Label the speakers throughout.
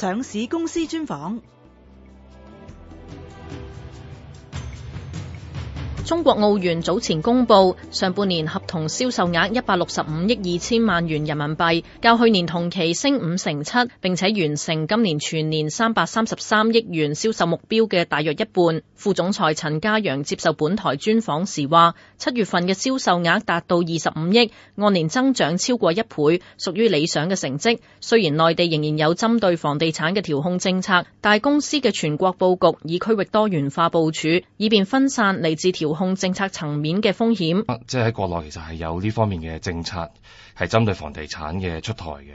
Speaker 1: 上市公司專訪。中國奧園早前公布，上半年合同銷售額一百六十五億二千萬元人民幣，較去年同期升五成七，並且完成今年全年三百三十三億元銷售目標嘅大約一半。副總裁陳嘉揚接受本台專訪時話，七月份嘅銷售額達到二十五億，按年增長超過一倍，屬於理想嘅成績。雖然內地仍然有針對房地產嘅調控政策，但公司嘅全國布局以區域多元化部署，以便分散嚟自調。控政策層面嘅風險，
Speaker 2: 即係喺國內其實係有呢方面嘅政策，係針對房地產嘅出台嘅。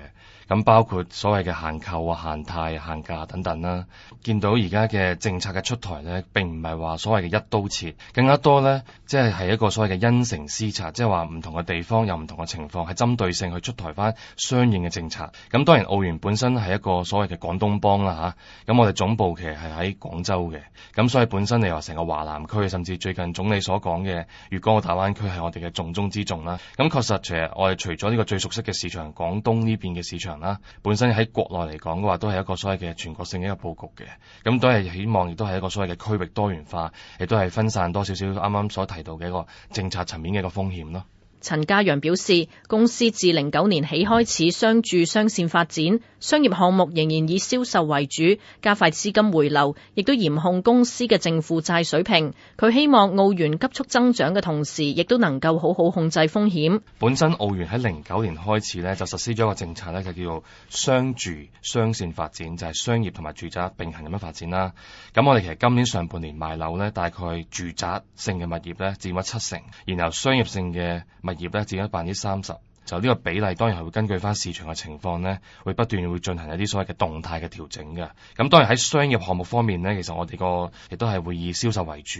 Speaker 2: 咁包括所謂嘅限購啊、限貸、限價等等啦。見到而家嘅政策嘅出台咧，並唔係話所謂嘅一刀切，更加多咧，即係係一個所謂嘅因城施策，即係話唔同嘅地方有唔同嘅情況，係針對性去出台翻相應嘅政策。咁當然奧園本身係一個所謂嘅廣東幫啦嚇，咁、啊、我哋總部其實係喺廣州嘅，咁所以本身你話成個華南區，甚至最近總理所講嘅粵港澳大灣區係我哋嘅重中之重啦。咁確實，其實我哋除咗呢個最熟悉嘅市場廣東呢邊嘅市場啦，本身喺國內嚟講嘅話，都係一個所謂嘅全國性嘅一個布局嘅，咁都係希望亦都係一個所謂嘅區域多元化，亦都係分散多少少啱啱所提到嘅一個政策層面嘅一個風險咯。
Speaker 1: 陳嘉揚表示，公司自零九年起開始商住雙線發展，商業項目仍然以銷售為主，加快資金回流，亦都嚴控公司嘅淨負債水平。佢希望奧園急速增長嘅同時，亦都能夠好好控制風險。
Speaker 2: 本身奧園喺零九年開始呢，就實施咗一個政策呢，就叫做商住雙線發展，就係、是、商業同埋住宅並行咁樣發展啦。咁我哋其實今年上半年賣樓呢，大概住宅性嘅物業呢佔咗七成，然後商業性嘅物業咧只有百分之三十。就呢個比例當然係會根據翻市場嘅情況咧，會不斷會進行一啲所謂嘅動態嘅調整嘅。咁當然喺商業項目方面咧，其實我哋個亦都係會以銷售為主，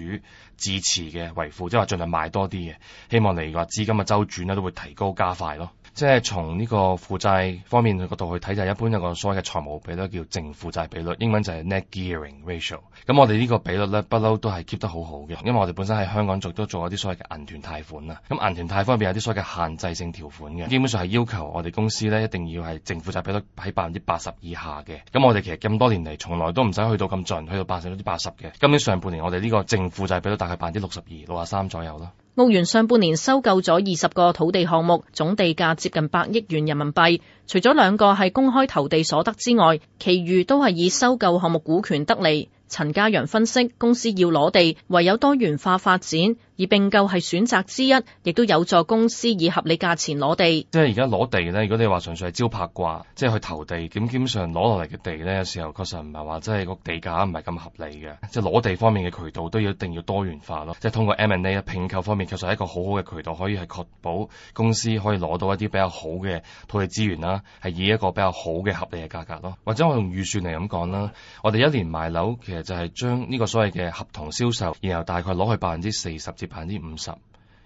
Speaker 2: 支持嘅為輔，即係話盡量賣多啲嘅。希望你話資金嘅周轉咧都會提高加快咯。即係從呢個負債方面嘅角度去睇，就係、是、一般有個所謂嘅財務比率叫淨負債比率，英文就係 net gearing ratio。咁我哋呢個比率咧不嬲都係 keep 得好好嘅，因為我哋本身喺香港做都做一啲所謂嘅銀團貸款啊。咁銀團貸方面有啲所謂嘅限制性條款。基本上係要求我哋公司咧一定要係淨負債比率喺百分之八十以下嘅，咁我哋其實咁多年嚟，從來都唔使去到咁盡，去到百分之八十嘅。今年上半年我哋呢個淨負債比率大概百分之六十二、六十三左右咯。
Speaker 1: 奧園上半年收購咗二十個土地項目，總地價接近百億元人民幣，除咗兩個係公開投地所得之外，其餘都係以收購項目股權得利。陳嘉揚分析，公司要攞地，唯有多元化發展。而並購係選擇之一，亦都有助公司以合理價錢攞地。
Speaker 2: 即係而家攞地咧，如果你話純粹係招拍掛，即係去投地，咁基本上攞落嚟嘅地咧，有時候確實唔係話真係個地價唔係咁合理嘅。即係攞地方面嘅渠道都要一定要多元化咯。即係通過 M and A 並購方面，確實係一個好好嘅渠道，可以係確保公司可以攞到一啲比較好嘅土地資源啦，係以一個比較好嘅合理嘅價格咯。或者我用預算嚟咁講啦，我哋一年賣樓其實就係將呢個所謂嘅合同銷售，然後大概攞去百分之四十。百分之五十，50，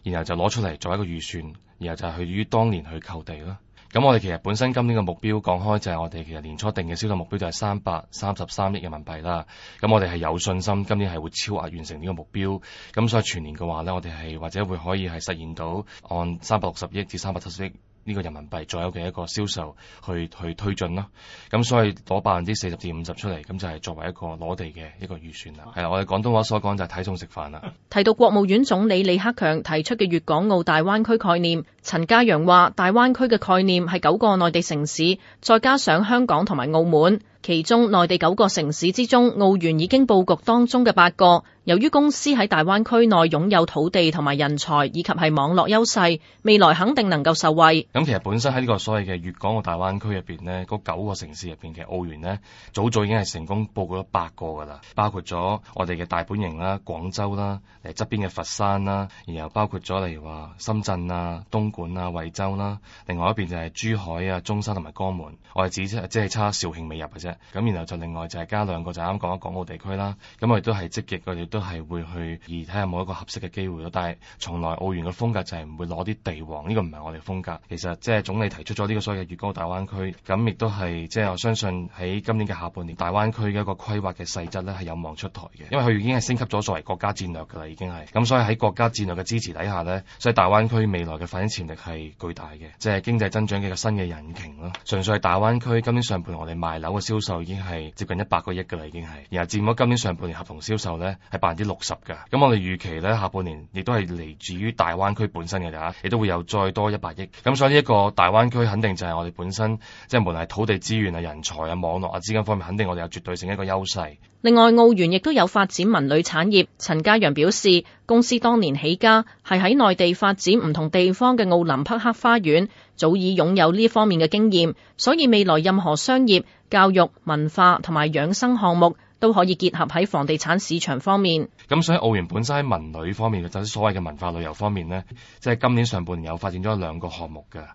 Speaker 2: 然後就攞出嚟做一個預算，然後就係去於當年去購地咯。咁我哋其實本身今年嘅目標講開就係我哋其實年初定嘅銷售目標就係三百三十三億人民幣啦。咁我哋係有信心今年係會超額完成呢個目標。咁所以全年嘅話呢，我哋係或者會可以係實現到按三百六十億至三百七十億呢個人民幣左右嘅一個銷售去去推進咯。咁所以攞百分之四十至五十出嚟，咁就係作為一個攞地嘅一個預算啦。係啦，我哋廣東話所講就係睇餸食飯啦。
Speaker 1: 提到國務院總理李克強提出嘅粵港澳大灣區概念，陳嘉揚話：大灣區嘅概念係九個內地城市，再加上香港同埋澳門。其中內地九個城市之中，奧園已經布局當中嘅八個。由於公司喺大灣區內擁有土地同埋人才以及係網絡優勢，未來肯定能夠受惠。咁其
Speaker 2: 實本身喺呢個所謂嘅粵港澳大灣區入邊呢，嗰九個城市入邊，其實奧園呢，早早已經係成功布局咗八個噶啦，包括咗我哋嘅大本營啦，廣州啦。側邊嘅佛山啦，然後包括咗例如話深圳啊、東莞啊、惠州啦，另外一邊就係珠海啊、中山同埋江門，我哋只即係差肇慶未入嘅啫。咁然後就另外就係加兩個就啱啱講嘅港澳地區啦。咁我哋都係積極，我哋都係會去而睇下有冇一個合適嘅機會咯。但係從來奧園嘅風格就係唔會攞啲地王，呢個唔係我哋風格。其實即係總理提出咗呢個所謂嘅粵港澳大灣區，咁亦都係即係我相信喺今年嘅下半年，大灣區嘅一個規劃嘅細則咧係有望出台嘅，因為佢已經係升級咗作為國家戰略嘅。已經係咁，所以喺國家戰略嘅支持底下呢，所以大灣區未來嘅發展潛力係巨大嘅，即係經濟增長嘅一個新嘅引擎咯。純粹係大灣區，今年上半年我哋賣樓嘅銷售已經係接近一百個億噶啦，已經係。然後佔咗今年上半年合同銷售呢，係百分之六十噶。咁我哋預期呢，下半年亦都係嚟自於大灣區本身嘅啦，亦都會有再多一百億。咁所以呢一個大灣區肯定就係我哋本身即係無論係土地資源啊、人才啊、網絡啊、資金方面，肯定我哋有絕對性一個優勢。
Speaker 1: 另外，奧園亦都有發展文旅產業。陳嘉揚表示。公司當年起家係喺內地發展唔同地方嘅奧林匹克花園，早已擁有呢方面嘅經驗，所以未來任何商業、教育、文化同埋養生項目都可以結合喺房地產市場方面。
Speaker 2: 咁所以奧園本身喺文旅方面就是，所謂嘅文化旅遊方面咧，即、就、係、係、今年上半年有發展咗兩個項目噶。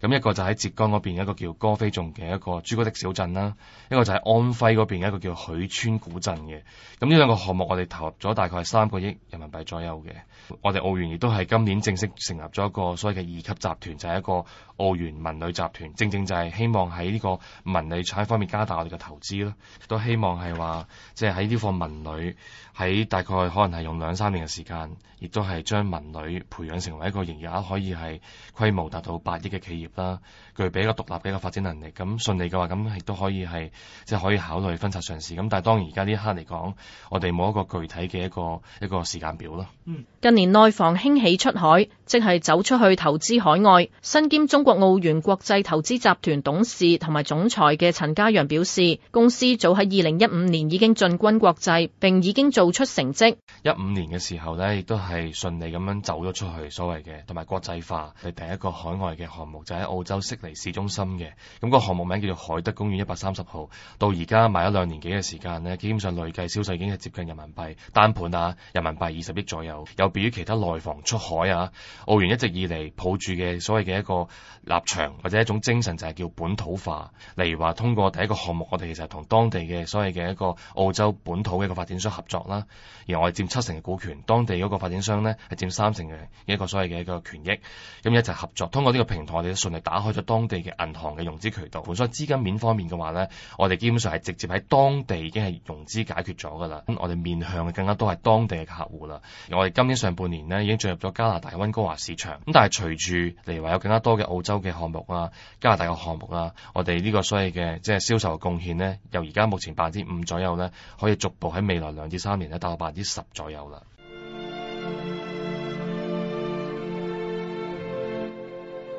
Speaker 2: 咁一個就喺浙江嗰邊一個叫歌斐頌嘅一個朱古力小鎮啦，一個就喺安徽嗰邊一個叫許村古鎮嘅。咁呢兩個項目我哋投入咗大概三個億人民幣左右嘅。我哋奧園亦都係今年正式成立咗一個所謂嘅二級集團，就係一個奧園文旅集團。正正就係希望喺呢個文旅產方面加大我哋嘅投資啦，都希望係話即係喺呢個文旅喺大概可能係用兩三年嘅時間，亦都係將文旅培養成為一個營業額可以係規模達到八億嘅企業。啦，具備一個獨立嘅一個發展能力，咁順利嘅話，咁亦都可以係即係可以考慮分拆上市。咁但係當然而家呢一刻嚟講，我哋冇一個具體嘅一個一個時間表咯。嗯，
Speaker 1: 近年內房興起出海，即係走出去投資海外。身兼中國奧園國際投資集團董事同埋總裁嘅陳嘉揚表示，公司早喺二零一五年已經進軍國際，並已經做出成績。
Speaker 2: 一五年嘅時候呢，亦都係順利咁樣走咗出去，所謂嘅同埋國際化係第一個海外嘅項目就。喺澳洲悉尼市中心嘅，咁個項目名叫做海德公園一百三十號，到而家賣咗兩年幾嘅時間咧，基本上累計銷售已經係接近人民幣單盤啊，人民幣二十億左右，有別於其他內房出海啊。澳元一直以嚟抱住嘅所謂嘅一個立場或者一種精神就係叫本土化，例如話通過第一個項目，我哋其實同當地嘅所謂嘅一個澳洲本土嘅一個發展商合作啦，而我哋占七成嘅股權，當地嗰個發展商呢係占三成嘅一個所謂嘅一個權益，咁一齊合作，通過呢個平台我哋。盡力打開咗當地嘅銀行嘅融資渠道，本所以資金面方面嘅話咧，我哋基本上係直接喺當地已經係融資解決咗噶啦，咁我哋面向嘅更加多係當地嘅客戶啦。我哋今年上半年呢已經進入咗加拿大溫哥華市場，咁但係隨住嚟話有更加多嘅澳洲嘅項目啦、加拿大嘅項目啦，我哋呢個所謂嘅即係銷售嘅貢獻呢，由而家目前百分之五左右呢，可以逐步喺未來兩至三年呢，達到百分之十左右啦。嗯嗯嗯嗯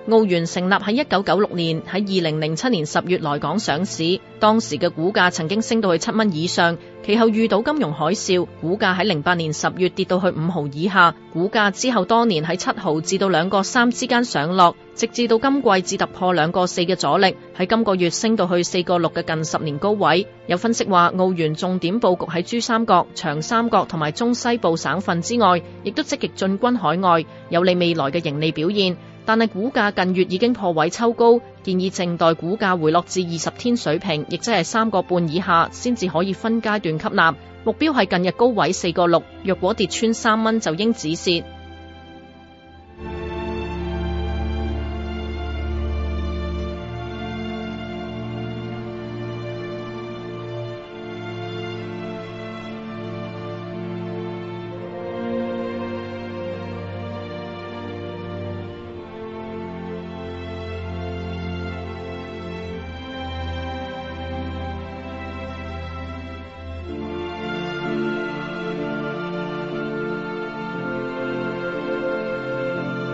Speaker 1: 奧園成立喺一九九六年，喺二零零七年十月來港上市，當時嘅股價曾經升到去七蚊以上，其後遇到金融海嘯，股價喺零八年十月跌到去五毫以下，股價之後多年喺七毫至到兩個三之間上落，直至到今季至突破兩個四嘅阻力，喺今個月升到去四個六嘅近十年高位。有分析話，奧園重點布局喺珠三角、長三角同埋中西部省份之外，亦都積極進軍海外，有利未來嘅盈利表現。但係股價近月已經破位抽高，建議靜待股價回落至二十天水平，亦即係三個半以下，先至可以分階段吸納。目標係近日高位四個六，若果跌穿三蚊就應止蝕。